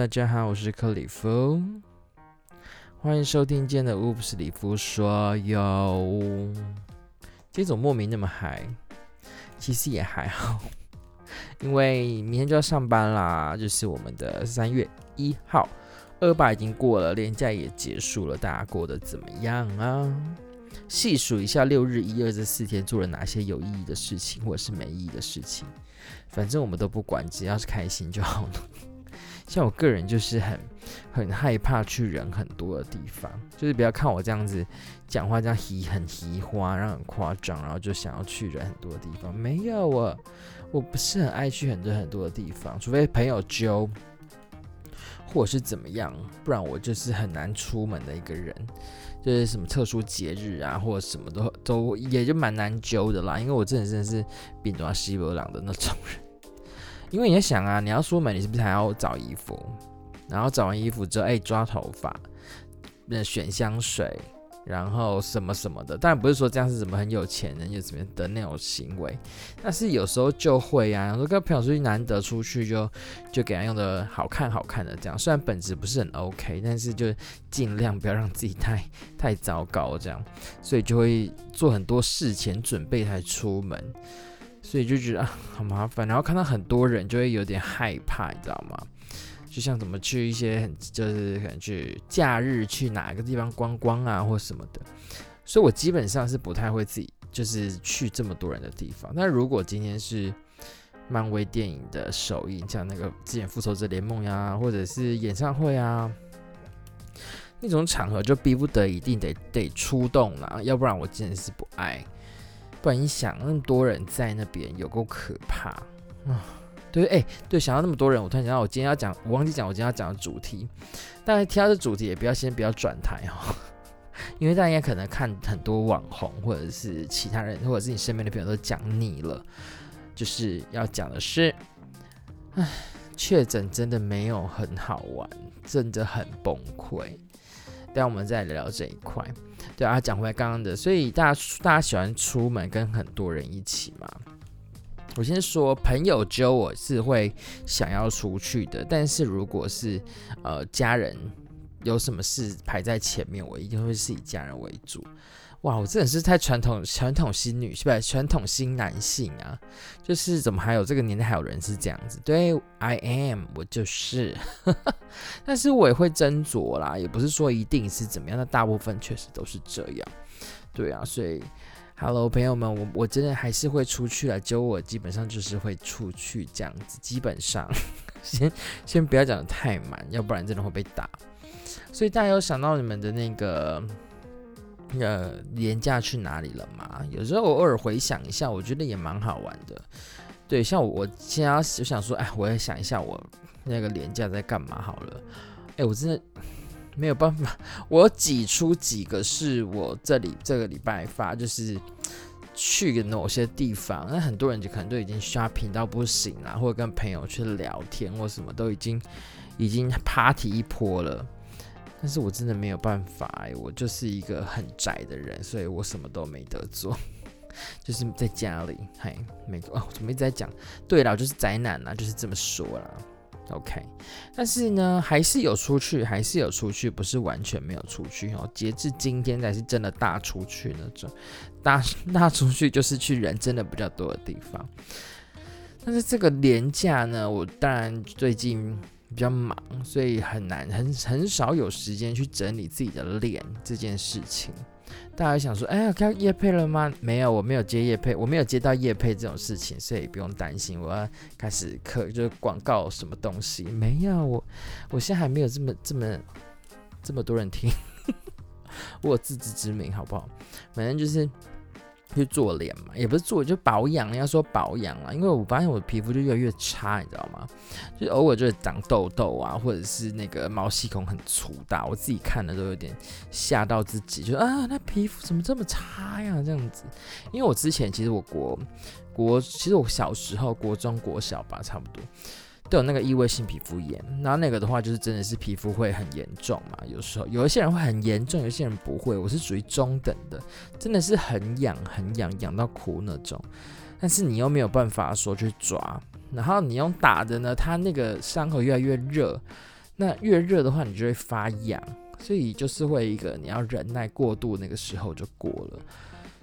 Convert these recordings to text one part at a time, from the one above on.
大家好，我是克里夫，歡迎收聽今天的 Oops 里夫說。有這種莫名那麼嗨，其實也還好，因為明天就要上班啦，就是我們的三月一號，二八已經過了，年假也結束了，大家過得怎麼樣啊？細數一下六日一二這四天做了哪些有意義的事情，或者是沒意義的事情，反正我們都不管，只要是開心就好了。像我個人就是很很害怕去人很多的地方，就是不要看我這樣子講話這樣很很花，然後很誇張，然後就想要去人很多的地方。沒有啊，我不是很愛去很多很多的地方，除非朋友揪，或是怎麼樣，不然我就是很難出門的一個人。就是什麼特殊節日啊，或者什麼都都也就蠻難揪的啦，因為我真的真的是冰島西伯朗的那種人。因為你在想啊，你要出門，你是不是還要找衣服？然後找完衣服之後，誒、哎，抓頭髮，那選香水，然後什麼什麼的。當然不是說這樣是什麼很有錢人，有什麼的那種行為，但是有時候就會啊，說跟朋友出去，難得出去就就給他用的好看好看的這樣。雖然本質不是很 OK，但是就盡量不要讓自己太太糟糕這樣，所以就會做很多事前準備才出門。所以就覺得，啊，好麻煩，然後看到很多人就會有點害怕，你知道嗎？就像怎麼去一些很就是可能去假日去哪一個地方觀光啊，或什麼的。所以我基本上是不太會自己就是去這麼多人的地方。那如果今天是漫威電影的首映，像那個之前復仇者聯盟呀、啊，或者是演唱會啊，那種場合就逼不得已一定得得出動了，要不然我真的是不愛。不然你想，那麼多人在那邊，有夠可怕啊、呃！對，哎、欸，對，想到那麼多人，我突然想到，我今天要講，我忘記講我今天要講的主題。大家提到這主題，也不要先不要轉台哦，因為大家可能看很多網紅，或者是其他人，或者是你身邊的朋友都講膩了，就是要講的是，哎，確診真的沒有很好玩，真的很崩潰。等下我們再聊聊這一塊。對啊，講回來剛剛的，所以大家大家喜歡出門跟很多人一起嘛。我先說朋友，只有我是會想要出去的。但是如果是呃家人，有什麼事排在前面，我一定會是以家人為主。哇，我真的是太傳統，傳統新女，是不是？傳統新男性啊，就是怎麼還有這個年代還有人是這樣子？對，I am，我就是呵呵，但是我也會斟酌啦，也不是說一定是怎麼樣，那大部分確實都是這樣，對啊，所以，Hello，朋友們，我我真的還是會出去了，就我基本上就是會出去這樣子，基本上，呵呵先先不要講得太滿，要不然真的會被打，所以大家有想到你們的那個。那個連假去哪裡了嘛？有時候我偶爾回想一下，我覺得也蠻好玩的。對，像我現在就想說，哎，我也想一下我那個連假在幹嘛好了。哎，我真的沒有辦法，我擠出幾個是我這裡這個禮拜發，就是去某些地方，那很多人就可能都已經 shopping 到不行了，或者跟朋友去聊天或什麼，都已經已經 party 一波了。但是我真的沒有辦法。哎、欸，我就是一個很宅的人，所以我什麼都沒得做，就是在家裡，嘿沒做、哦、我怎麼一直在講？對了，就是宅男啊，就是這麼說啦。OK。但是呢，還是有出去，還是有出去，不是完全沒有出去哦。截至今天才是真的大出去那種，大大出去就是去人真的比較多的地方。但是這個連假呢，我當然最近，比較忙，所以很難很很少有時間去整理自己的臉這件事情。大家想說，哎、欸，要開業配了嗎？沒有，我沒有接業配，我沒有接到業配這種事情，所以不用擔心。我要開始刻就是廣告什麼東西？沒有，我我現在還沒有這麼這麼這麼多人聽， 我有自知之明，好不好？反正就是。去做臉嘛，也不是做，就保養。要說保養啊，因為我發現我的皮膚就越來越差，你知道嗎？就偶爾就會長痘痘啊，或者是那個毛細孔很粗大，我自己看的都有點嚇到自己，就啊，那皮膚怎麼這麼差呀，啊，這樣子，因為我之前其實我國國，其實我小時候國中、國小吧，差不多。都有那個異位性皮膚炎，那那個的話就是真的是皮膚會很嚴重嘛，有時候有一些人會很嚴重，有些人不會，我是屬於中等的，真的是很癢，很癢，癢到哭那種，但是你又沒有辦法說去抓，然後你用打的呢，它那個傷口越來越熱，那越熱的話你就會發癢，所以就是會一個你要忍耐過度，那個時候就過了，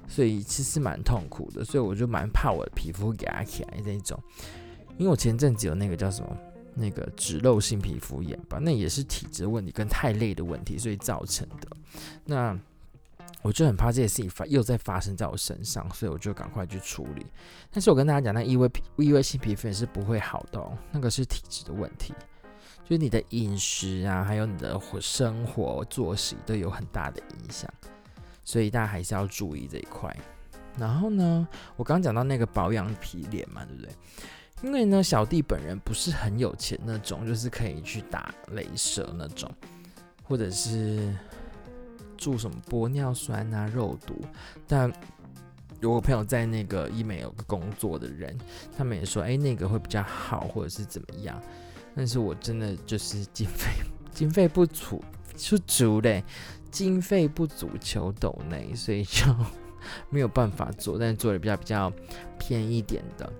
所以其實蠻痛苦的，所以我就蠻怕我的皮膚給它起來那種。因為我前陣子有那個叫什麼，那個脂漏性皮膚炎吧，那也是體質問題跟太累的問題，所以造成的。那我就很怕這件事情發又再發生在我身上，所以我就趕快去處理。但是我跟大家講，那異位皮，異位性皮膚也是不會好的哦，那個是體質的問題，就是你的飲食啊，還有你的生活作息都有很大的影響，所以大家還是要注意這一塊。然後呢，我剛剛講到那個保養皮臉嘛，對不對？因為呢，小弟本人不是很有錢那種，就是可以去打雷射那種，或者是注什麼玻尿酸啊、肉毒。但有我朋友在那個醫美有個工作的人，他們也說，哎、欸，那個會比較好，或者是怎麼樣。但是我真的就是經費經費不足，不足嘞，經費不足求抖內，所以就沒有辦法做，但是做的比較比較便宜一點的。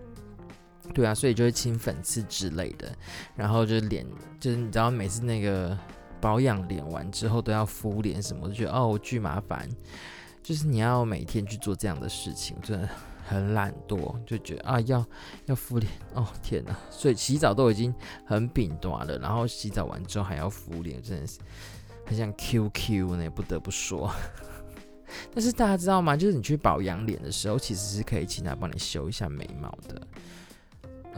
對啊，所以就會清粉刺之類的，然後就是臉，就是你知道每次那個保養臉完之後都要敷臉什麼，就覺得哦巨麻煩，就是你要每天去做這樣的事情，真的很懶惰，就覺得啊要要敷臉哦天哪！所以洗澡都已經很餅端了，然後洗澡完之後還要敷臉，真的是很像 QQ 呢，不得不說。 但是大家知道嗎？就是你去保養臉的時候，其實是可以請他幫你修一下眉毛的。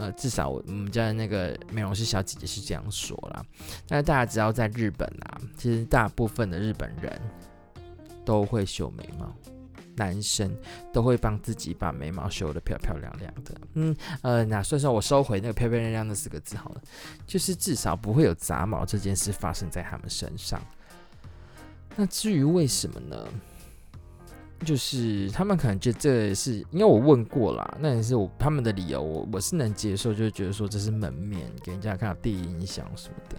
呃，至少我，我們家的那個美容師小姐姐是這樣說啦。那大家知道，在日本啊，其實大部分的日本人都會修眉毛，男生都會幫自己把眉毛修得漂漂亮亮的。嗯，呃，那所以說我收回那個漂漂亮亮的四個字好了，就是至少不會有雜毛這件事發生在他們身上。那至於為什麼呢？就是他們可能覺得這是，因為我問過了，那也是我他們的理由我，我我是能接受，就覺得說這是門面給人家看第一印象什麼的。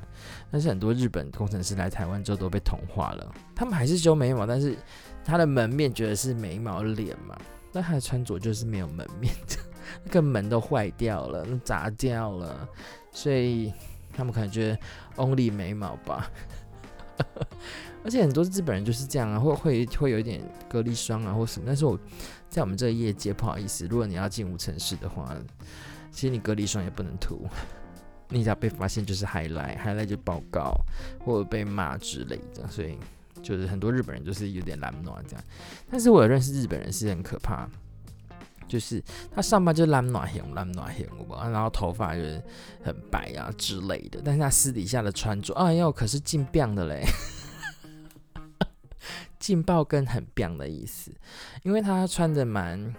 但是很多日本工程師來台灣之後都被同化了，他們還是修眉毛，但是他的門面覺得是眉毛臉嘛，那他的穿着就是沒有門面的，那個門都壞掉了，砸掉了，所以他們可能覺得 only 眉毛吧。而且很多日本人就是這樣啊，或會會有點隔離霜啊或什麼，但是我在我們這個業界不好意思，如果你要進無塵室的話，其實你隔離霜也不能塗，你只要被發現就是 highlight, highlight 就報告或者被罵之類的，所以就是很多日本人就是有點懶惰啊這樣，但是我有認識日本人是很可怕的。就是他上班就藍暖黑，藍暖吧。然後頭髮就是很白啊之類的。但是他私底下的穿着，哎呦，可是勁彪的嘞，勁 爆跟很彪的意思，因為他穿的蠻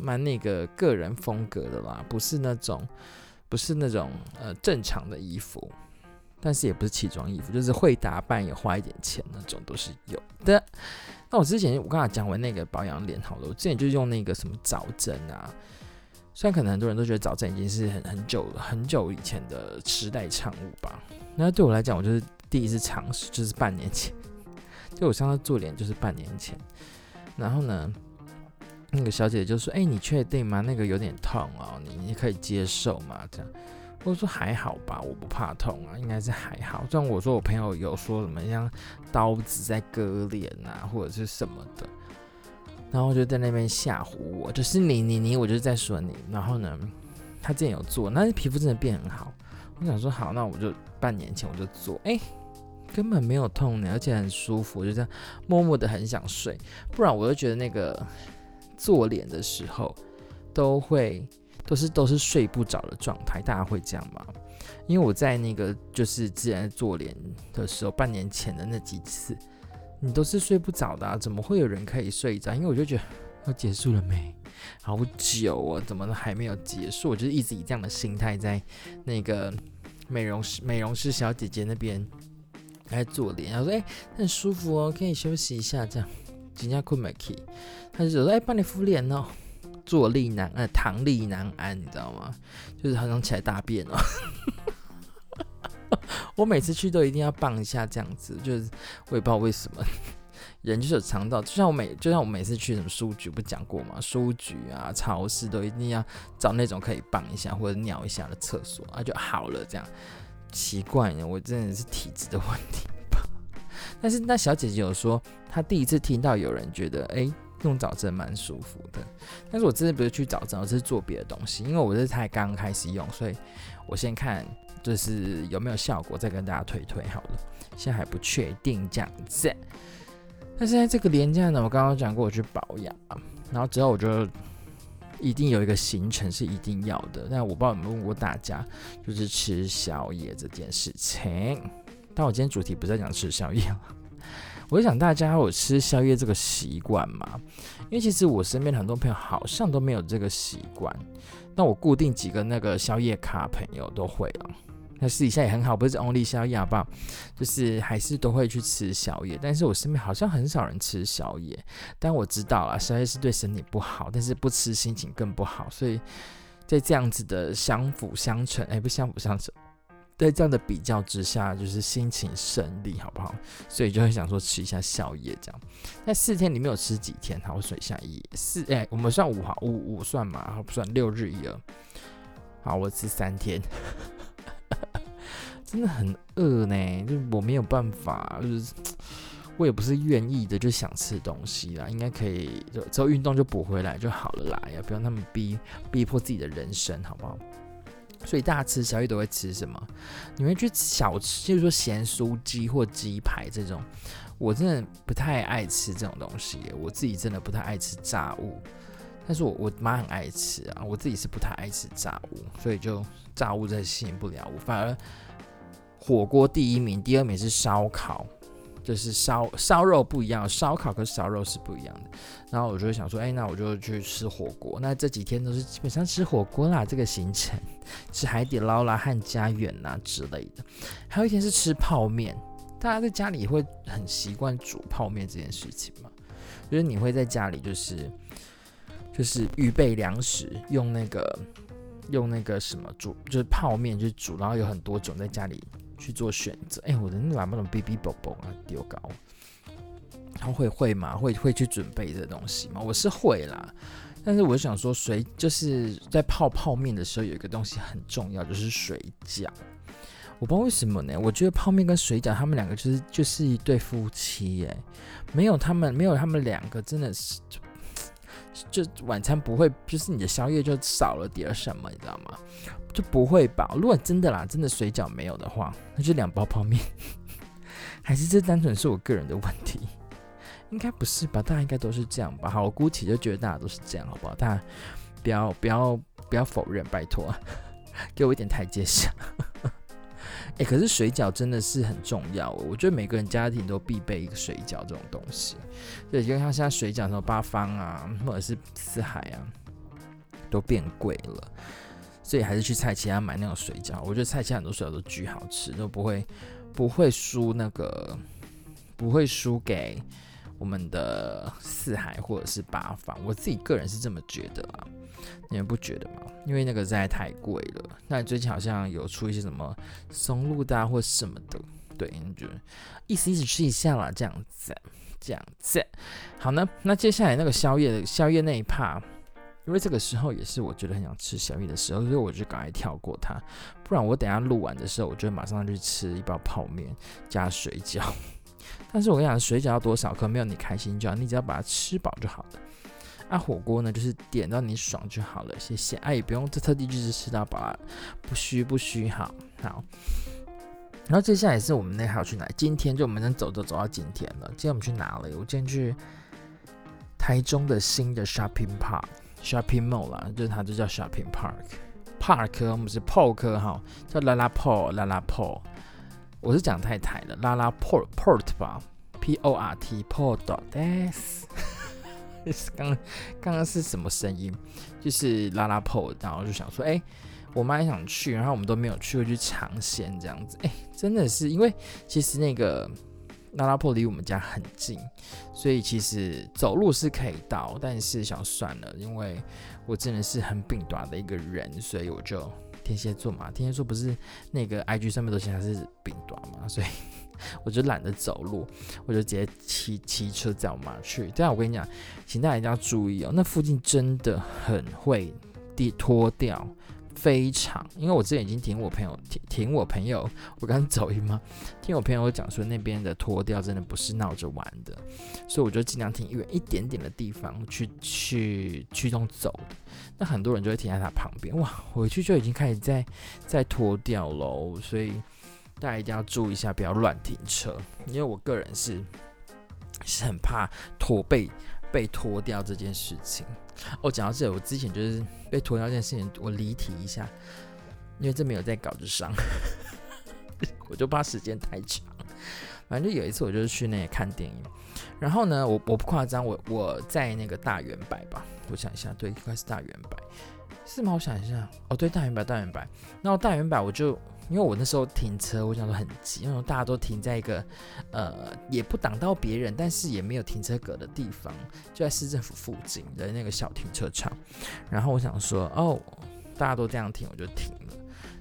蠻那個個人風格的啦，不是那種不是那種呃正常的衣服，但是也不是奇裝異服，就是會打扮也花一點錢那種都是有的。那我之前我剛才講完那個保養臉好了，我之前就用那個什麼早針啊，雖然可能很多人都覺得早針已經是很很久很久以前的時代產物吧，那對我來講，我就是第一次嘗試，就是半年前，就 我上次做臉就是半年前，然後呢，那個小姐姐就說：“誒、欸，你確定嗎？那個有點痛哦、啊，你你可以接受嗎？”這樣。我說還好吧，我不怕痛啊，應該是還好。雖然我說我朋友有說什麼像刀子在割臉啊，或者是什麼的，然後就在那邊嚇唬我，就是你你你，我就是在說你。然後呢，他之前有做，那皮膚真的變很好。我想說好，那我就半年前我就做，哎、欸，根本沒有痛呢，而且很舒服，我就這樣默默的很想睡。不然我就覺得那個做臉的時候都會。都是都是睡不着的狀態，大家會這樣嗎？因為我在那個就是自然做臉的時候，半年前的那幾次，你都是睡不着的、啊，怎麼會有人可以睡着？因為我就覺得要結束了沒，好久哦、啊，怎麼都還沒有結束？我就是一直以這樣的心態在那個美容師美容師小姐姐那邊來做臉，我說哎、欸、很舒服哦，可以休息一下這樣，人家困沒去，他就說幫、欸、你敷臉哦。坐立難，呃，躺立難安，你知道嗎？就是很想起來大便哦、喔。 我每次去都一定要棒一下，這樣子，就是我也不知道為什麼，人就是有腸道。就像我每，就像我每次去什麼書局，不講過嘛？書局啊、超市都一定要找那種可以棒一下或者尿一下的廁所啊，就好了，這樣。奇怪呢，我真的是體質的問題吧？但是那小姐姐有說，她第一次聽到有人覺得，哎、欸。用早針蠻舒服的，但是我真的不是去早針，而是做別的東西，因為我這才剛剛開始用，所以我先看就是有沒有效果，再跟大家推推好了。現在還不確定這樣子。那現在這個連假呢，我剛剛講過我去保養，然後之後我就一定有一個行程是一定要的。那我不知道有沒有問過大家，就是吃宵夜這件事情，但我今天主題不是在講吃宵夜我想大家有吃宵夜這個習慣嗎？因為其實我身邊很多朋友好像都沒有這個習慣。那我固定幾個那個宵夜咖朋友都會了、喔。那私底下也很好，不是 only 宵夜吧？不就是還是都會去吃宵夜。但是我身邊好像很少人吃宵夜。但我知道啊，宵夜是對身體不好，但是不吃心情更不好。所以在這樣子的相輔相成，哎、欸，不相輔相成。在這樣的比較之下，就是心情勝利，好不好？所以就很想說吃一下宵夜這樣。那四天你沒有吃幾天？好，我數一下，四哎、欸，我們算五哈，五五算嘛，然後不算六日一夜。好，我吃三天， 真的很餓呢，就我沒有辦法，就是我也不是願意的，就想吃東西啦。應該可以，就只要運動就補回來就好了啦呀，不要那麼逼逼迫自己的人生，好不好？所以大家吃宵夜都會吃什麼？你們去小吃，就是說鹹酥雞或雞排這種，我真的不太愛吃這種東西。我自己真的不太愛吃炸物，但是我我媽很愛吃啊。我自己是不太愛吃炸物，所以就炸物真的吸引不了我。反而火鍋第一名，第二名是燒烤。就是燒燒肉不一樣，燒烤跟燒肉是不一樣的。然後我就想說，哎、欸，那我就去吃火鍋。那這幾天都是基本上吃火鍋啦，這個行程，吃海底撈啦、和家園啦之類的。還有一天是吃泡麵，大家在家裡會很習慣煮泡麵這件事情嘛？就是你會在家裡就是就是預備糧食，用那個用那個什麼煮，就是泡麵就煮，然後有很多種在家裡。去做選擇，哎、欸，我真的玩不懂 BB、BOBO 啊，丟搞。他、啊、會會嗎？會會去準備這東西嗎？我是會啦，但是我想說水，水就是在泡泡麵的時候，有一個東西很重要，就是水餃。我不知道為什麼呢？我覺得泡麵跟水餃，他們兩個就是就是一對夫妻、欸，哎，沒有他們，沒有他們兩個，真的是就，就晚餐不會，就是你的宵夜就少了點什麼，你知道嗎？就不會吧？如果真的啦，真的水餃沒有的話，那就兩包泡面。還是這單純是我個人的問題？應該不是吧？大家應該都是這樣吧？好，我估計就覺得大家都是這樣，好不好？大家不要不要不要否認，拜托、啊，給我一點台階下。哎、欸，可是水餃真的是很重要、哦，我覺得每個人家庭都必備一個水餃這種東西。對，就像現在水餃什麼八方啊，或者是四海啊，都變貴了。所以還是去菜其他買那種水餃，我覺得菜其他很多水餃都巨好吃，都不會不會輸那個，不會輸給我們的四海或者是八方。我自己個人是這麼覺得啊，你們不覺得嗎？因為那個實在太貴了。那最近好像有出一些什麼松露的、啊、或什麼的，對，就是意思意思吃一下啦，這樣子，這樣子。好呢，那接下來那個宵夜的宵夜那一趴，因為這個時候也是我覺得很想吃宵夜的時候，所以我就趕快跳過它。不然我等一下錄完的時候，我就馬上去吃一包泡麵加水餃。 但是我跟你講，水餃要多少顆，沒有，你開心就好，你只要把它吃飽就好了。啊、火鍋呢就是點到你爽就好了，謝謝。哎、啊，不用，特特地就是吃到飽，不虛不虛，好，好。然後接下來是我們那還要去哪？今天就我們能走着走到今天了。今天我們去哪裡？我今天去台中的新的 shopping park，shopping mall 啦，就是它就叫 shopping park，park 齁我們是 port 齁哈，叫拉拉 port 拉拉 port，我是講太台了拉拉 port port 吧，p o r t port，yes，剛剛剛 是什麼聲音？就是拉拉 port，然後就想說，誒、欸，我媽也想去，然後我們都沒有去過去嘗鮮這樣子，誒、欸，真的是因為其實那個。那拉坡離我們家很近，所以其實走路是可以到，但是想算了，因為我真的是很餅短的一個人，所以我就天蠍座嘛，天蠍座不是那個 IG 上面都顯示是餅短嘛，所以我就懶得走路，我就直接騎騎車載我媽去。這樣我跟你講，請大家一定要注意哦，那附近真的很會地拖吊。非常，因為我之前已經聽我朋友聽聽我朋友，我剛走嗎？聽我朋友講說那邊的拖吊真的不是鬧着玩的，所以我就尽量停遠一點點的地方去去去那種走。那很多人就會停在他旁邊，哇，回去就已經開始在在拖吊嘍。所以大家一定要注意一下，不要亂停車，因為我個人是是很怕駝背。被脫掉這件事情，哦，講到這裡，我之前就是被脫掉這件事情，我離題一下，因為這沒有在稿子上， 我就怕時間太長。反正就有一次，我就是去那裡看電影，然後呢，我我不誇張，我我在那個大遠百吧，我想一下，對，應該是大遠百，是嗎？我想一下，哦，對，大遠百，大遠百，那大遠百我就。因為我那時候停車，我想說很急，因為大家都停在一個，呃，也不擋到別人，但是也沒有停車格的地方，就在市政府附近的那個小停車場。然後我想說，哦，大家都這樣停，我就停了。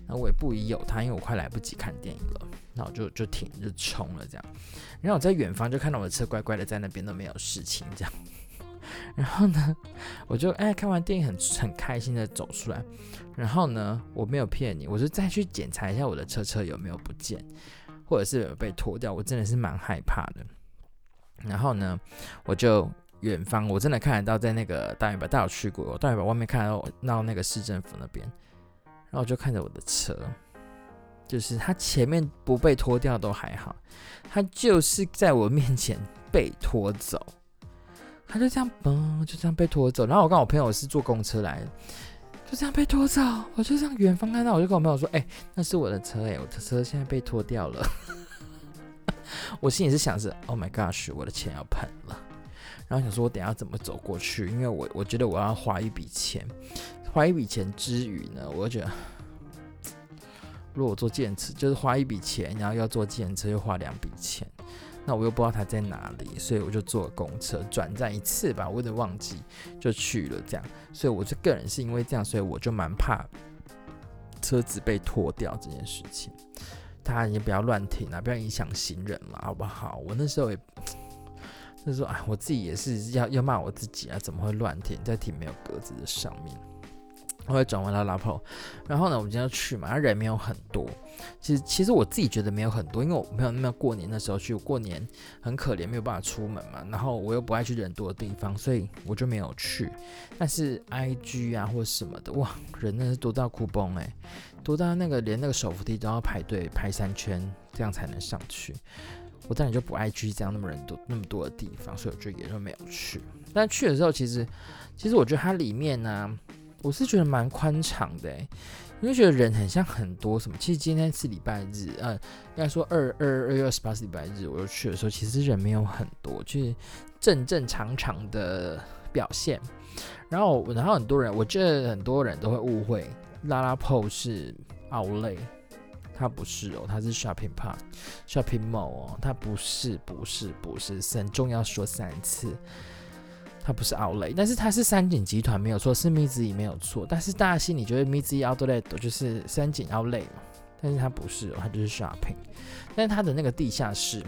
那我也不疑有他，因為我快來不及看電影了。那我就就停就衝了這樣。然後我在遠方就看到我的車乖乖的在那邊都沒有事情這樣。然後呢，我就哎，看完電影很很開心的走出來。然後呢，我沒有騙你，我就再去檢查一下我的車車有沒有不見，或者是有沒有被拖掉。我真的是蠻害怕的。然後呢，我就遠方，我真的看得到在那個大遠百，大，我去過大遠百外面看到到那個市政府那邊，然後我就看着我的車，就是他前面不被拖掉都還好，他就是在我面前被拖走。他就這樣嘣、嗯，就這樣被拖走。然後我跟我朋友是坐公車來的，就這樣被拖走。我就這樣遠方看到，我就跟我朋友說：“哎、欸，那是我的車哎、欸，我的車現在被拖掉了。 ”我心裡是想着：“Oh my gosh，我的錢要噴了。”然後想說：“我等一下怎麼走過去？因為我我覺得我要花一筆錢，花一筆錢之餘呢，我就覺得如果我坐計程車，就是花一筆錢，然後要坐計程車又花兩筆錢。”那我又不知道他在哪裡，所以我就坐公車轉站一次吧，我有點忘記就去了這樣。所以我就個人是因為這樣，所以我就蠻怕車子被拖掉這件事情。大家也不要亂停啊，不要影響行人了，好不好？我那時候也那時候哎，我自己也是要要罵我自己啊，怎麼會亂停在停沒有格子的上面？我會轉彎到拉炮，然後呢，我們就要去嘛，人沒有很多。其實，其實我自己覺得沒有很多，因為我沒有那麼過年的時候去，我過年很可憐，沒有辦法出門嘛。然後我又不愛去人多的地方，所以我就沒有去。但是 I G 啊或者什麼的，哇，人呢是多到哭崩哎，多到那個連那個手扶梯都要排隊排三圈，這樣才能上去。我當然就不愛去這樣那麼人多那麼多的地方，所以我就也就沒有去。但去的時候，其實其實我覺得它裡面呢、啊。我是覺得蠻寬敞的，哎，因為覺得人很像很多什麼。其實今天是禮拜日，嗯、呃，應該說二二二月二十八是禮拜日，我就去的時候其實人沒有很多，就是正正常常的表現。然後，然後很多人，我覺得很多人都會誤會拉拉 PO 是 outlet，他不是哦、喔，他是 shopping pot, shopping park，shopping mall 哦、喔，他不是，不是，不是，很重要，要，說三次。它不是 o u t l a y 但是它是三井集團沒有錯，是 z 子伊沒有錯。但是大家心裡覺得 z 子伊 Outlet 就是三井 o u t l a y 嘛，但是它不是，喔，它就是 Shopping。但是它的那個地下室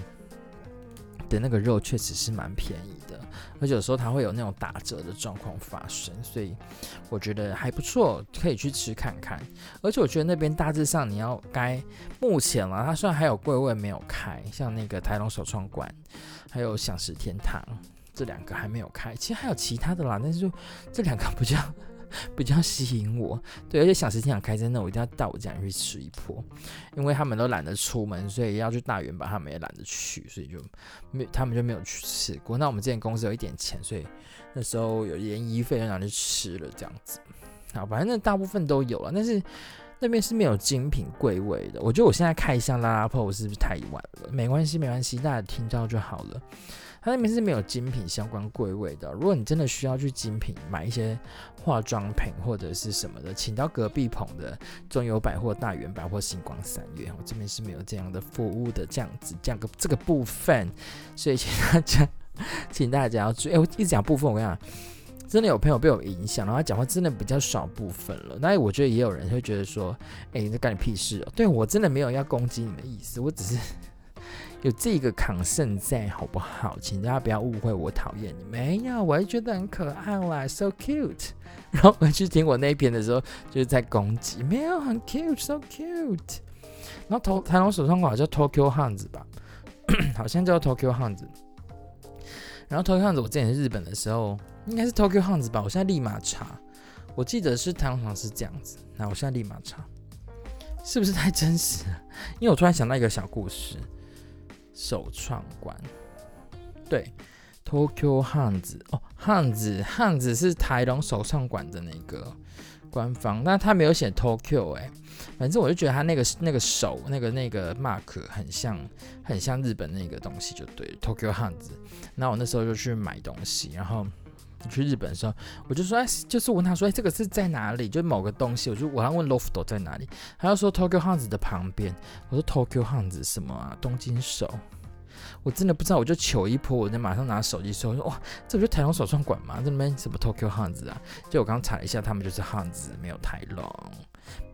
的那個肉確實是蠻便宜的，而且有時候它會有那種打折的狀況發生，所以我覺得還不錯，可以去吃看看。而且我覺得那邊大致上你要該目前啊，它雖然還有櫃位沒有開，像那個台龍首創館，還有享食天堂，這兩個還沒有開，其實還有其他的啦，但是就這兩個比較比較吸引我。對，而且想時間想開，真的我一定要帶我家人去吃一波，因為他們都懶得出門，所以要去大遠百，他們也懶得去，所以就沒他們就沒有去吃過。那我們之前公司有一點錢，所以那時候有聯誼費，就拿去吃了這樣子。好，反正大部分都有了，但是那邊是沒有精品櫃位的。我覺得我現在開一下拉拉鋪是不是太晚了？沒關係，沒關係，大家聽到就好了。他那邊是沒有精品相關櫃位的，哦。如果你真的需要去精品買一些化妝品或者是什麼的，請到隔壁棚的中友百貨、大遠百貨、新光三越，哦。我這邊是沒有這樣的服務的，這樣子，這樣個這個部分。所以請大家， 請大家要注意，誒，我一直講部分，我跟你講真的有朋友被我影響，然後他講話真的比較少部分了。那我覺得也有人會覺得說，誒，你在幹你屁事，哦？對我真的沒有要攻擊你的意思，我只是。有這個抗性在，好不好？請大家不要誤會，我討厭你。沒有，我還覺得很可愛啦，so cute。然後回去聽我那一篇的時候，就是在攻擊，沒有很 cute，so cute。然後頭、喔、台台龍手上好像叫 Tokyo Hands 吧， 好像叫 Tokyo Hands 然後 Tokyo Hands 我之前是日本的時候，應該是 Tokyo Hands 吧。我現在立馬查，我記得是台灣好像是這樣子。那我現在立馬查，是不是太真實了？因為我突然想到一個小故事。手創館，對，Tokyo Hans 哦 Hans，Hans 是台龍手創館的那個官方，但他沒有寫 Tokyo、ok、哎、欸，反正我就覺得他那個那個手那個那個 mark 很像很像日本那個東西，就對 Tokyo Hans。那我那時候就去買東西，然後。去日本的時候，我就說：“哎，就是問他說，哎，這個是在哪裡？就某個東西，我就我還問 Loft 在哪裡，他要說 Tokyo HANS 的旁邊。我說 Tokyo HANS 什麼啊？東京手，我真的不知道。我就求一波，我就馬上拿手機搜，說哇，這不就台隆手創館嗎？這裡面什麼 Tokyo HANS 啊？就我剛剛查了一下，他們就是 HANS，沒有台隆，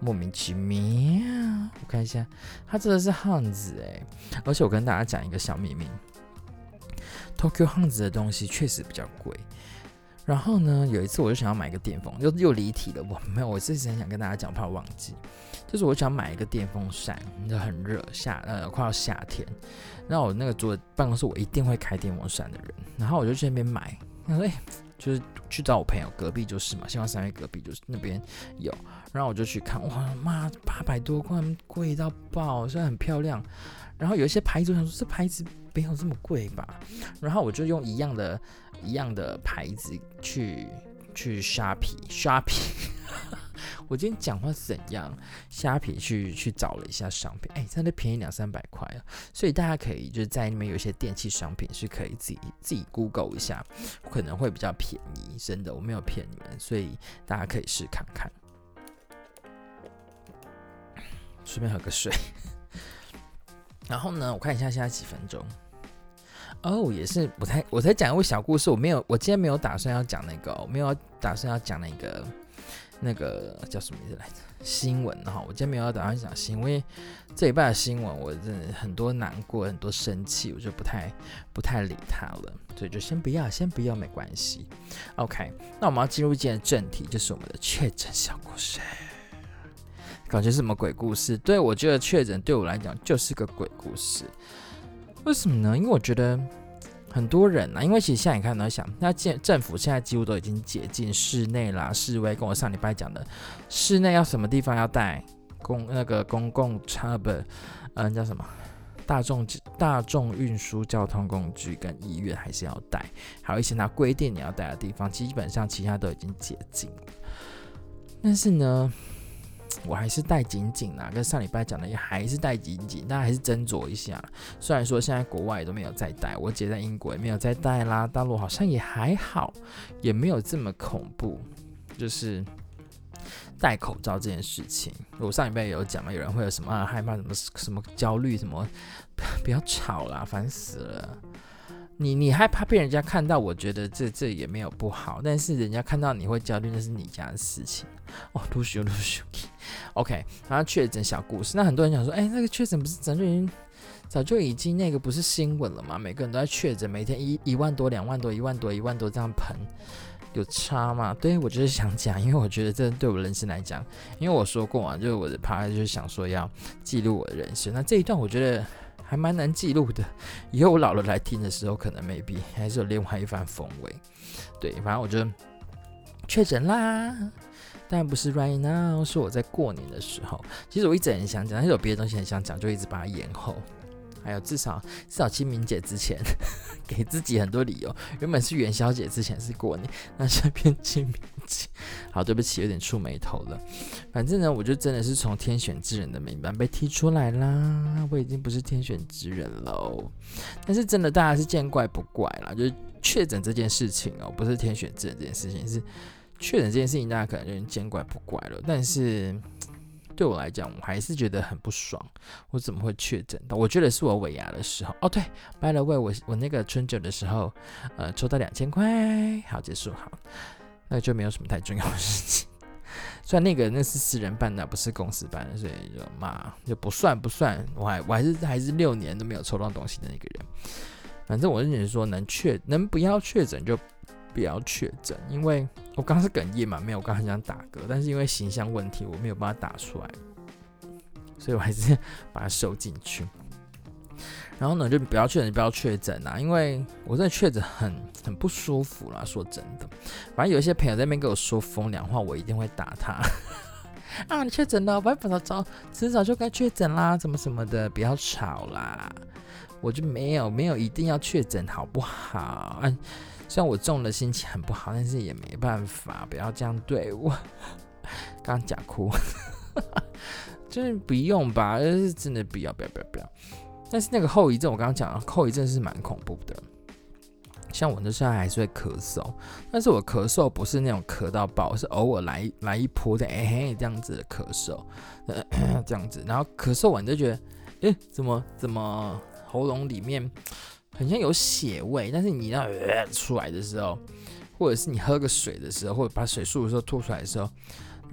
莫名其妙啊。我看一下，他真的是 HANS 哎！而且我跟大家講一個小秘密，Tokyo HANS 的東西確實比較貴。”然後呢，有一次我就想要買一個電風扇，又又離題了。我沒有，我之前想跟大家講，我怕我忘記，就是我就想買一個電風扇，就很熱，夏呃快要夏天，然後我那個坐辦公室，我一定會開電風扇的人，然後我就去那邊買，他說誒、欸，就是去找我朋友隔壁就是嘛，希望三位隔壁就是那邊有，然後我就去看，哇媽，八百多塊，貴到爆，雖然很漂亮，然後有一些牌子我想說，這牌子沒有這麼貴吧，然後我就用一樣的。一樣的牌子去去蝦皮，蝦皮。我今天講話是怎樣？蝦皮去去找了一下商品，哎、欸，真的便宜兩三百塊啊。所以大家可以就是在那邊有些電器商品是可以自己自己 Google 一下，可能會比較便宜，真的我沒有騙你們，所以大家可以試看看。順便喝個水。 然後呢，我看一下現在幾分鐘。哦，oh, 也是不太，我才我才講一個小故事，我沒有，我今天沒有打算要講那個，我沒有打算要講那個，那個叫什麼名字來着？新聞哈，我今天沒有打算講新聞，因為這一半的新聞，我真的很多難過，很多生氣，我就不太不太理他了，所以就先不要，先不要，沒關係。OK，那我們要進入今天正題，就是我們的確診小故事，感覺是什麼鬼故事？對我覺得確診對我來講就是個鬼故事。為什麼呢？因為我覺得很多人啊，因為其實現在你看到想，那建政府現在幾乎都已經解禁室內啦，室外。跟我上禮拜講的，室內要什麼地方要戴公那個公共差本，嗯、呃，叫什麼？大眾大眾運輸交通工具跟醫院還是要戴，還有一些它規定你要戴的地方，基本上其他都已經解禁。但是呢？我還是戴緊緊啊，跟上禮拜講的也還是戴緊緊，大家還是斟酌一下。雖然說現在國外也都沒有再戴，我姐在英國也沒有再戴啦。大陸好像也還好，也沒有這麼恐怖，就是戴口罩這件事情。我上禮拜也有講嘛。有人會有什麼害怕什麼什麼焦慮什麼，不要吵啦，煩死了。你你害怕被人家看到，我覺得這這也沒有不好，但是人家看到你會焦慮，那是你家的事情。哦，Lucy OK，然後確診小故事，那很多人想說，哎，那個確診不是咱就已經早就已經，就已經那個不是新聞了嗎？每個人都在確診，每天一一萬多、兩萬多、一萬多、一萬多，一萬多這樣噴，有差嗎？對，我就是想講，因為我覺得這對我人生來講，因為我說過啊，就是我的趴就是想說要記錄我的人生，那這一段我覺得還蠻難記錄的，以後我老了來聽的時候，可能未必還是有另外一番風味。對，反正我就確診啦。但不是 right now，是我在過年的時候。其實我一直很想講，但是有別的東西很想講，就一直把它延後。還有至少至少清明節之前呵呵，給自己很多理由。原本是元宵節之前是過年，那下邊清明節。好，對不起，有點觸霉頭了。反正呢，我就真的是從天選之人的名單被踢出來啦。我已經不是天選之人嘍。但是真的，大家是見怪不怪啦。就是確診這件事情哦、喔，不是天選之人這件事情是。確診這件事情大家可能有點見怪不怪了，但是對我來講，我還是覺得很不爽。我怎麼會確診到？我覺得是我尾牙的時候，哦對，By the way 我我那個春酒的時候，呃，抽到兩千塊，好，結束好，那就沒有什麼太重要的事情。雖然那個那是私人辦的，不是公司辦的，所以就嘛就不算不算。我還我還是還是六年都沒有抽到東西的那個人。反正我認為說，能確能不要確診就。不要確診，因為我剛剛是哽咽嘛，沒有剛剛想打嗝，但是因為形象問題，我沒有辦法打出來，所以我還是把它收進去。然後呢，就不要確診，不要確診啊！因為我真的確診很很不舒服啦。說真的，反正有一些朋友在那邊跟我說風涼話，我一定會打他 啊！你確診了，我不要吵吵，遲早就該確診啦，什麼什麼的，不要吵啦！我就沒有沒有一定要確診，好不好？啊像我中的心情很不好，但是也沒辦法，不要這樣對我。剛假哭， 就是不用吧？就是真的不要，不要，不要，不要。但是那個後遺症，我剛剛講了，後遺症是蠻恐怖的。像我，那時候還是會咳嗽，但是我咳嗽不是那種咳到爆，是偶爾來來一波的，哎嘿這樣子的咳嗽咳咳，這樣子。然後咳嗽完就覺得，哎，怎麼怎麼喉嚨裡面？很像有血味，但是你那、呃、出來的時候，或者是你喝個水的時候，或者把水漱的時候吐出來的時候，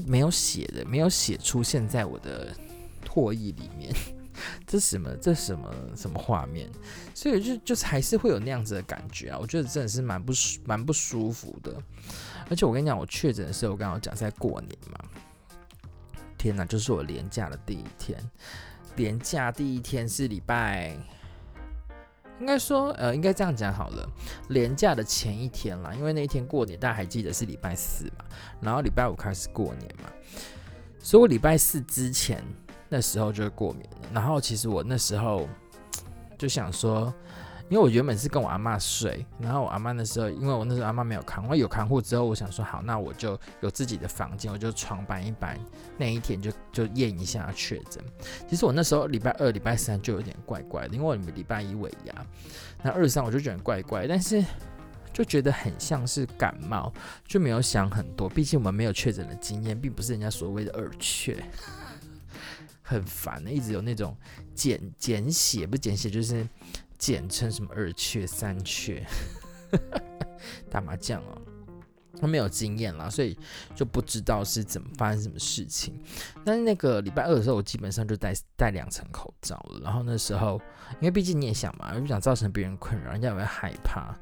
沒有血的，沒有血出現在我的唾液裡面， 這什麼？這什麼？什麼畫面？所以就就是還是會有那樣子的感覺啊！我覺得真的是蠻不舒，蠻不舒服的。而且我跟你講，我確診的時候，我剛好講是在過年嘛，天哪，就是我連假的第一天，連假第一天是禮拜。應該說，呃，應該這樣講好了。連假的前一天啦，因為那一天過年，大家還記得是禮拜四嘛，然後禮拜五開始過年嘛，所以我禮拜四之前那時候就會過敏了。然後其實我那時候就想說。因為我原本是跟我阿嬤睡，然後我阿嬤那時候，因為我那時候阿嬤沒有看，我有看護之後，我想說好，那我就有自己的房間，我就床搬一搬。那一天就就驗一下確診。其實我那時候禮拜二、禮拜三就有點怪怪的，因為我禮拜一尾牙，那二三我就覺得怪怪，但是就覺得很像是感冒，就沒有想很多。畢竟我們沒有確診的經驗，並不是人家所謂的二確，很煩，一直有那種減減血、不減血就是。簡稱什麼二缺、三缺，打麻將哦，他沒有經驗啦，所以就不知道是怎麼發生什麼事情。但是那個禮拜二的時候，我基本上就戴戴兩層口罩了。然後那時候，因為畢竟你也想嘛，又不想造成別人困擾，人家也會害怕。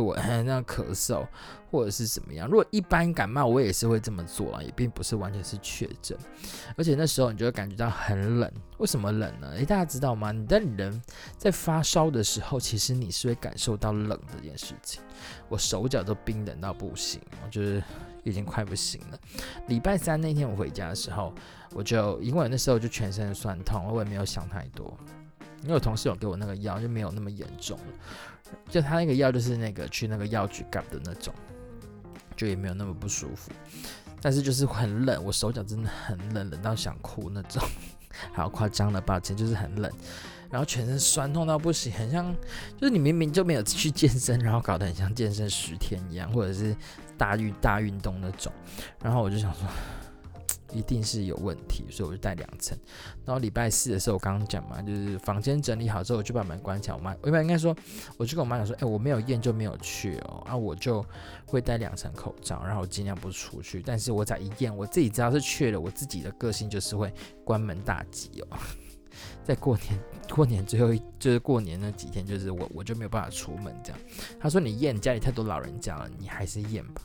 我那樣咳嗽，或者是怎麼樣？如果一般感冒，我也是會這麼做啊，也並不是完全是確診。而且那時候你就會感覺到很冷，為什麼冷呢？誒、欸，大家知道嗎？你在人在發燒的時候，其實你是會感受到冷這件事情。我手腳都冰冷到不行，我就是已經快不行了。禮拜三那天我回家的時候，我就因為那時候就全身酸痛，我也沒有想太多，因為我同事有給我那個藥，就沒有那麼嚴重了。就他那個藥，就是那個去那個藥局幹的那種，就也沒有那麼不舒服，但是就是很冷，我手腳真的很冷，冷到想哭那種，好誇張了吧，就是很冷，然後全身酸痛到不行，很像就是你明明就沒有去健身，然後搞得很像健身十天一樣，或者是大運大運動那種，然後我就想說。一定是有問題，所以我就帶兩層。然後禮拜四的時候，我剛剛講嘛，就是房間整理好之後，我就把門關起來。我媽，我應該說，我就跟我媽講說：“哎、欸，我沒有驗就沒有去哦，啊，我就會戴兩層口罩，然後盡量不出去。但是我咋一驗，我自己知道是去了，我自己的個性就是會關門大吉哦。 在過年，過年最後一就是過年那幾天，就是我我就沒有辦法出門這樣。他說你驗，你家裡太多老人家了，你還是驗吧。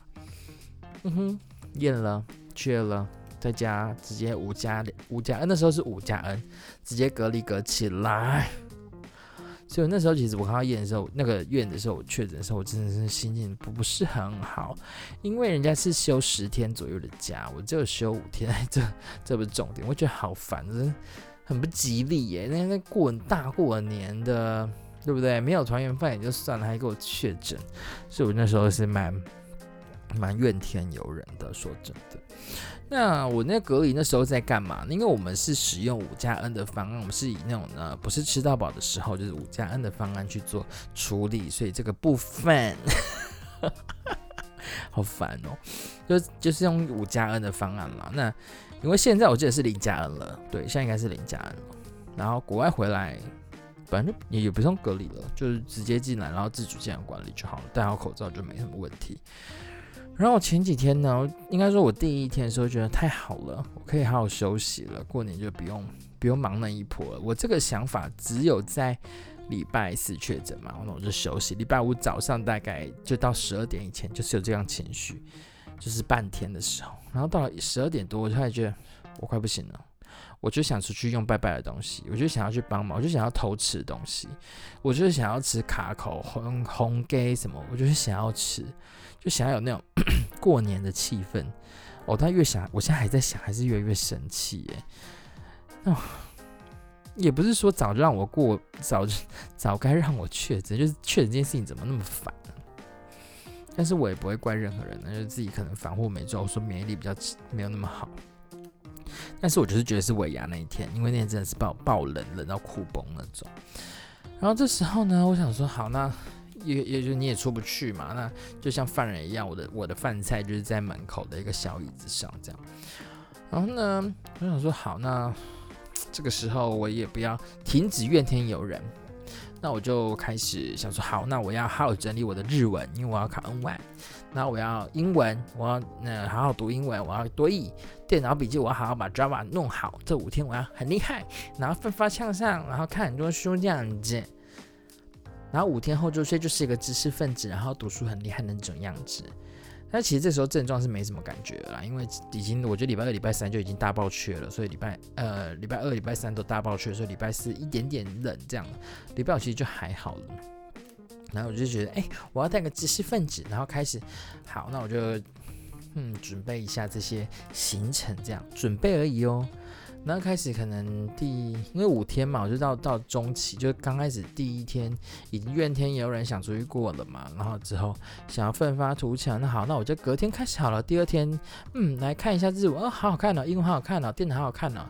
嗯哼，驗了，去了。在家直接五加五加，哎，n, 那時候是五加 n，直接隔離隔起來。所以那時候其實我看到醫院的時候，那個院的時候我確診的時候，我真的是心情不，不是很好，因為人家是休十天左右的假，我只有休五天，這這不是重點，我覺得好煩，就是很不吉利耶。那那過大過年的，對不對？沒有團圓飯也就算了，還給我確診，所以我那時候是蠻。蠻怨天尤人的，說真的。那我那隔離那時候在幹嘛？因為我們是使用五加 N 的方案，我們是以那種呢，不是吃到飽的時候，就是五加 N 的方案去做處理，所以這個部分 好煩哦。就就是用五加 N 的方案嘛。那因為現在我記得是零加 N 了，對，現在應該是零加 N 了。然後國外回來，反正也不也不用隔離了，就是直接進來，然後自主健康管理就好了，戴好口罩就沒什麼問題。然後我前幾天呢，應該說，我第一天的時候覺得太好了，我可以好好休息了，過年就不用不用忙那一波了。我這個想法只有在禮拜四確診嘛，然後我就休息。禮拜五早上大概就到十二點以前，就是有這樣情緒，就是半天的時候。然後到了十二點多，我就開始覺得我快不行了，我就想出去用拜拜的東西，我就想要去幫忙，我就想要偷吃東西，我就想要吃卡口紅紅什麼，我就想要吃。就想要有那種 過年的氣氛哦，他越想，我現在還在想，還是越來越生氣耶。那、哦、也不是說早就讓我過，早就早該讓我確診，就是確診這件事情怎麼那麼煩、啊？但是我也不會怪任何人，就是自己可能防護沒做，我說免疫力比較沒有那麼好。但是我就是覺得是尾牙那一天，因為那天真的是爆爆冷了冷到哭崩那種。然後這時候呢，我想說，好那。也也就是你也出不去嘛，那就像犯人一樣。我的我的飯菜就是在門口的一個小椅子上這樣。然後呢，我想說好，那這個時候我也不要停止怨天尤人。那我就開始想說好，那我要好好整理我的日文，因為我要考 N Y。那我要英文，我要那、呃、好好讀英文，我要多譯電腦筆記，我要好好把 Java 弄好。這五天我要很厲害，然後奮發向上，然後看很多書這樣子。然後五天後就卻就是一個知識分子，然後讀書很厲害的那種樣子。那其實這時候症狀是沒什麼感覺啦，因為已經我覺得禮拜二、禮拜三就已經大爆缺了，所以禮拜呃禮拜二、禮拜三都大爆缺，所以禮拜四一點點冷這樣，禮拜五其實就還好了。然後我就覺得，誒，我要帶個知識分子，然後開始好，那我就嗯準備一下這些行程這樣，準備而已哦。然後開始可能第，因為五天嘛，我就到到中期，就剛開始第一天已經怨天尤人，想出去過了嘛。然後之後想要奮發圖強，那好，那我就隔天開始好了。第二天，嗯，來看一下日文，哦，好好看哦，英文好好看哦，電腦好好看哦。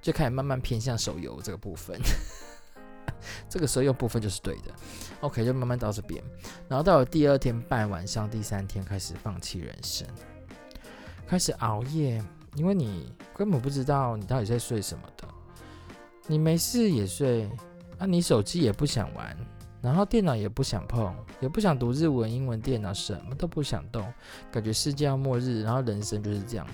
就開始慢慢偏向手遊這個部分。 這個手遊部分就是對的。OK，就慢慢到這邊，然後到了第二天半晚上，第三天開始放棄人生，開始熬夜。因為你根本不知道你到底在睡什麼的，你沒事也睡啊，那你手機也不想玩，然後電腦也不想碰，也不想讀日文、英文，電腦什麼都不想動，感覺世界要末日，然後人生就是這樣，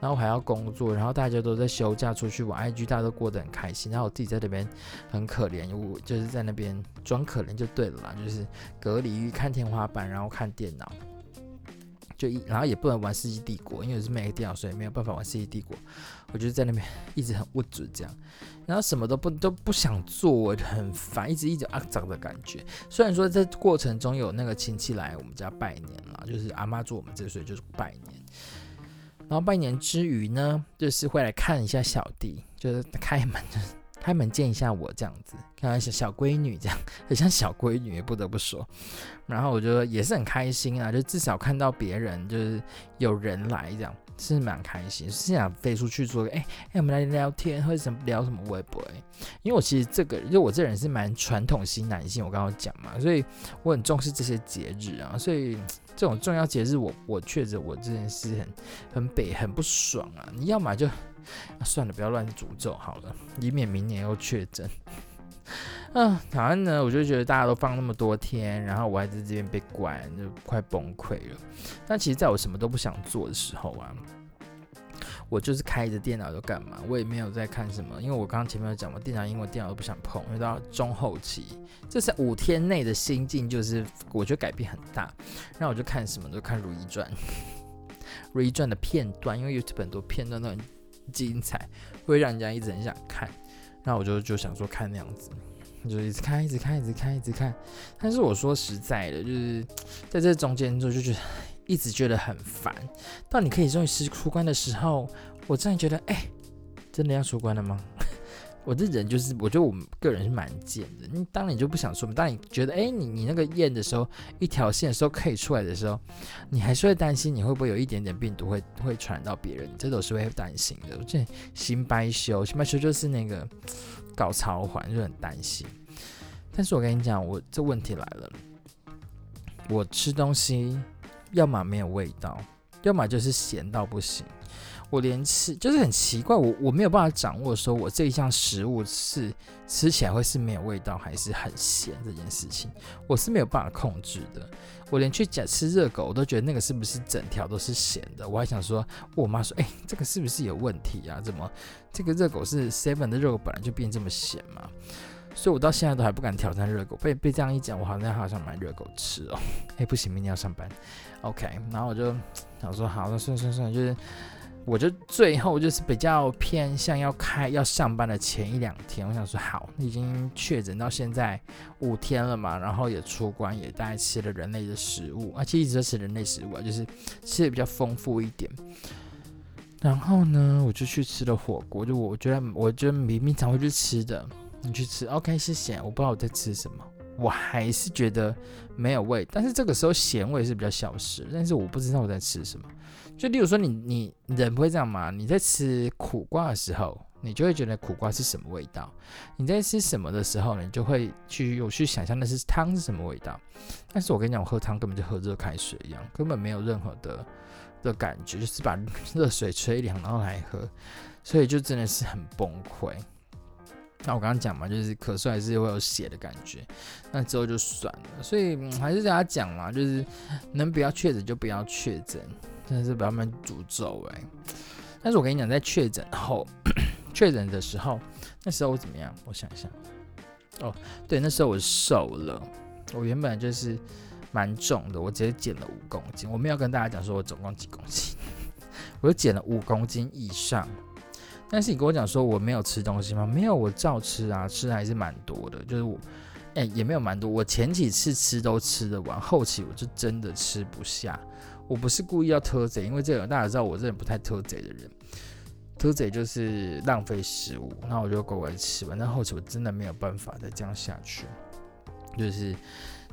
然後我還要工作，然後大家都在休假出去玩，IG 大家都過得很開心，然後我自己在那邊很可憐，我就是在那邊裝可憐就對了啦，就是隔離看天花板，然後看電腦。就一，然後也不能玩《世紀帝國》，因為我是沒電腦，所以沒有辦法玩《世紀帝國》。我就是在那邊一直很無助這樣，然後什麼都不都不想做，我就很煩，一直一直阿雜的感覺。雖然說在過程中有那個親戚來我們家拜年了，就是阿嬤住我們這歲，所以就是拜年。然後拜年之餘呢，就是會來看一下小弟，就是開門。開門見一下我這樣子，看看小小閨女這樣，很像小閨女，也不得不說。然後我覺得也是很開心啊，就至少看到別人，就是有人來這樣，是蠻開心。是想飛出去說，哎、欸、哎、欸，我們來聊天，或者聊什麼微博、欸。因為我其實這個，就我這人是蠻傳統型男性，我剛剛講嘛，所以我很重視這些節日啊。所以這種重要節日我，我我確實我之前是很很北很不爽啊。你要麼就。算了，不要亂詛咒好了，以免明年又確診。嗯、 呃，反正呢，我就覺得大家都放那麼多天，然後我還在這邊被關，就快崩潰了。但其實在我什麼都不想做的時候啊，我就是開着電腦就幹嘛？我也沒有在看什麼，因為我剛剛前面有講嘛，電腦因為電腦都不想碰，因為到中後期，這是五天內的心境，就是我覺得改變很大。那我就看什麼都看如《 如懿傳》，《如懿傳》的片段，因為 YouTube 很多片段都很精彩，會讓人家一直很想看，那我就就想說看那樣子，就一直看，一直看，一直看，一直看。但是我說實在的，就是在這中間之後，就覺得一直覺得很煩。到你可以終於出關的時候，我真的覺得，哎、欸，真的要出關了嗎？我這人就是，我覺得我個人是蠻賤的。你當你就不想說，當你覺得，哎、欸，你你那個驗的時候，一條線的時候可以出來的時候，你還是會擔心，你會不會有一點點病毒會會傳染到別人？這都是會擔心的。這心掰修，心掰修就是那個搞潮環就很擔心。但是我跟你講，我這問題來了，我吃東西，要麼沒有味道，要麼就是鹹到不行。我連吃就是很奇怪，我我沒有辦法掌握說，我這一項食物是吃起來會是沒有味道，還是很鹹這件事情，我是沒有辦法控制的。我連去假吃熱狗，我都覺得那個是不是整條都是鹹的？我還想說，我媽說，哎、欸，這個是不是有問題啊？怎麼這個熱狗是 Seven 的熱狗本來就變這麼鹹嘛？所以我到現在都還不敢挑戰熱狗。被被這樣一講，我好像好想買熱狗吃哦、喔。哎、欸，不行，明天要上班。OK，然後我就想說好了，算算算，算，就是。我就最後就是比較偏向要開要上班的前一兩天，我想說好，已經確診到現在五天了嘛，然後也出關，也大概吃了人類的食物，而且一直在吃人類食物，就是吃的比較豐富一點。然後呢，我就去吃了火鍋，就我覺得，我就明明常會去吃的，你去吃，OK，謝謝。我不知道我在吃什麼，我還是覺得沒有味，但是這個時候鹹味是比較消失，但是我不知道我在吃什麼。就例如說你，你你人不會這樣嘛？你在吃苦瓜的時候，你就會覺得苦瓜是什麼味道；你在吃什麼的時候，你就會去有去想象那是湯是什麼味道。但是我跟你講，我喝湯根本就喝熱開水一樣，根本沒有任何的的感覺，就是把熱水吹涼然後來喝，所以就真的是很崩潰。那我剛剛講嘛，就是咳嗽還是會有血的感覺，那之後就算了。所以還是大家講嘛，就是能不要確診就不要確診。真的是把他們詛咒哎、欸！但是我跟你講，在確診後，確 診的時候，那時候我怎麼樣？我想一下。哦，對，那時候我瘦了。我原本就是蠻重的，我直接減了五公斤。我沒有跟大家講說我總共幾公斤， 我就減了五公斤以上。但是你跟我講說我沒有吃東西嗎？沒有，我照吃啊，吃的還是蠻多的。就是我、欸，誒也沒有蠻多。我前幾次吃都吃得完，後期我就真的吃不下。我不是故意要挑嘴，因為這個大家知道，我這人不太挑嘴的人，挑嘴就是浪費食物。那我就乖乖吃吧。那後期我真的沒有辦法再這樣下去，就是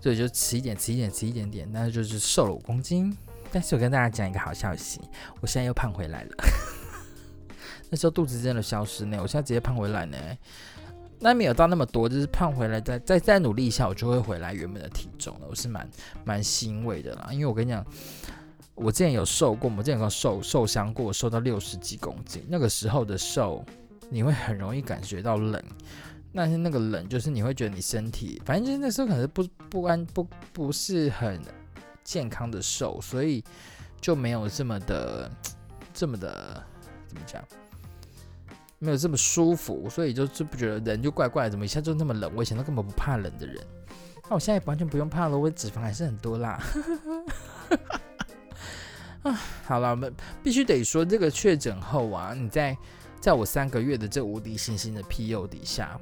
所以就吃一點，吃一點，吃一點點，但是就是瘦了五公斤。但是我跟大家講一個好消息，我現在又胖回來了。 那時候肚子真的消失呢？我現在直接胖回來呢。那沒有到那麼多，就是胖回來再再再努力一下，我就會回來原本的體重了。我是蠻蠻欣慰的啦，因為我跟你講。我之前有瘦過，我之前有瘦瘦傷過，瘦到六十幾公斤。那個時候的瘦，你會很容易感覺到冷，但是那個冷就是你會覺得你身體，反正就是那時候可能不不安、不不是很健康的瘦，所以就沒有這麼的、這麼的怎麼講，沒有這麼舒服，所以就是不覺得人就怪怪的，怎麼一下就那麼冷？我以前都根本不怕冷的人，那、啊、我現在完全不用怕了，我脂肪還是很多啦。 啊，好了，我們必須得說，這個確診後啊，你在在我三個月的這無敵星星的庇佑底下，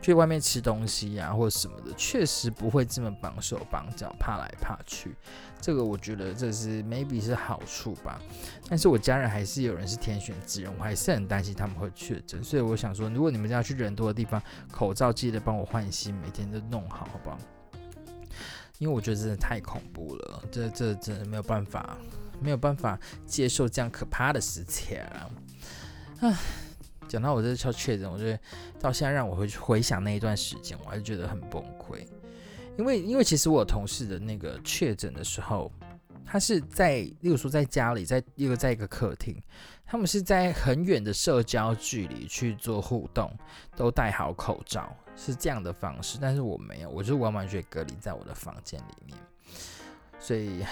去外面吃東西啊，或者什麼的，確實不會這麼綁手綁腳，怕來怕去。這個我覺得這是 maybe 是好處吧。但是，我家人還是有人是天選之人，我還是很擔心他們會確診。所以，我想說，如果你們要去人多的地方，口罩記得幫我換新，每天都弄好，好吧？因為我覺得真的太恐怖了，這這真的沒有辦法。沒有辦法接受這樣可怕的事情，啊。講到我這次確診，我覺得到現在讓我回去回想那一段時間，我還是覺得很崩潰。因為，因為其實我同事的那個確診的時候，他是在，例如說在家裡，在一個在一個客廳，他們是在很遠的社交距離去做互動，都戴好口罩，是這樣的方式。但是我沒有，我就完完全隔離在我的房間裡面，所以。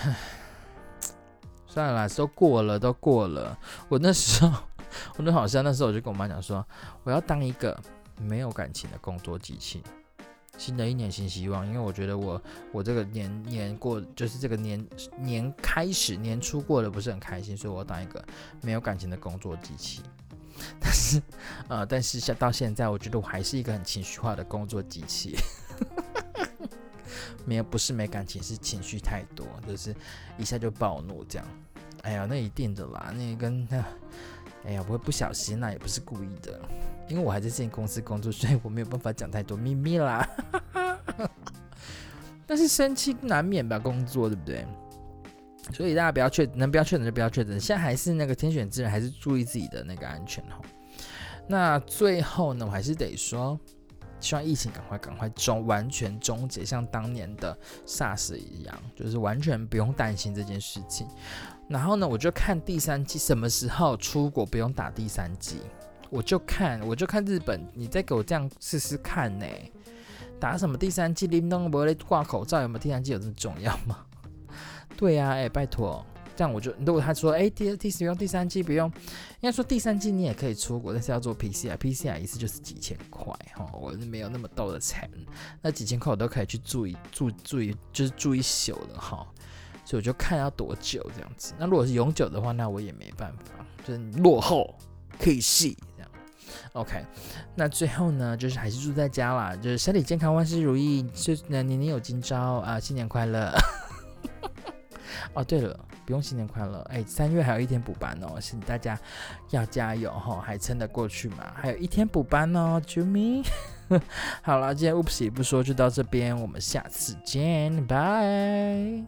算了，都過了，都過了。我那時候，我就好像那時候，我就跟我媽講說，我要當一個沒有感情的工作機器。新的一年新希望，因為我覺得我我這個年年過，就是這個年年開始年初過的不是很開心，所以我要當一個沒有感情的工作機器。但是，呃，但是像到現在，我覺得我還是一個很情緒化的工作機器。沒有，不是沒感情，是情緒太多，就是一下就暴怒這樣。哎呀，那一定的啦，那跟他，哎呀，不會不小心、啊，那也不是故意的。因為我還在這家公司工作，所以我沒有辦法講太多秘密啦。 但是生氣難免吧，工作對不對？所以大家不要確，能不要確診就不要確診。現在還是那個天選之人，還是注意自己的那個安全哈。那最後呢，我還是得說。希望疫情趕快趕快終完全終結，像當年的 SARS 一樣，就是完全不用擔心這件事情。然後呢，我就看第三劑什麼時候出國不用打第三劑。我就看我就看日本，你再給我這樣試試看呢？打什麼第三劑？你能不能掛口罩，有沒有第三劑有這麼重要嗎？對呀、啊，哎，拜托。這樣我就，如果他說，哎、欸，第二季不用，第三季不用，應該說第三季你也可以出國，但是要做 PCR，PCR 一次就是幾千塊哈，我是沒有那麼多的錢，那幾千塊我都可以去住一住，住一就是住一宿的哈，所以我就看要多久這樣子。那如果是永久的話，那我也沒辦法，就是落後，可以試這樣。OK，那最後呢，就是還是祝大家啦，就是身體健康，萬事如意，就年年有今朝啊、呃，新年快樂。哦，對了，不用新年快樂，誒，三月還有一天補班哦，請大家要加油哦，還撐得過去嗎？還有一天補班哦，啾咪。 嗯、 好啦，今天 Oops 裡夫說就到這邊，我們下次見，拜。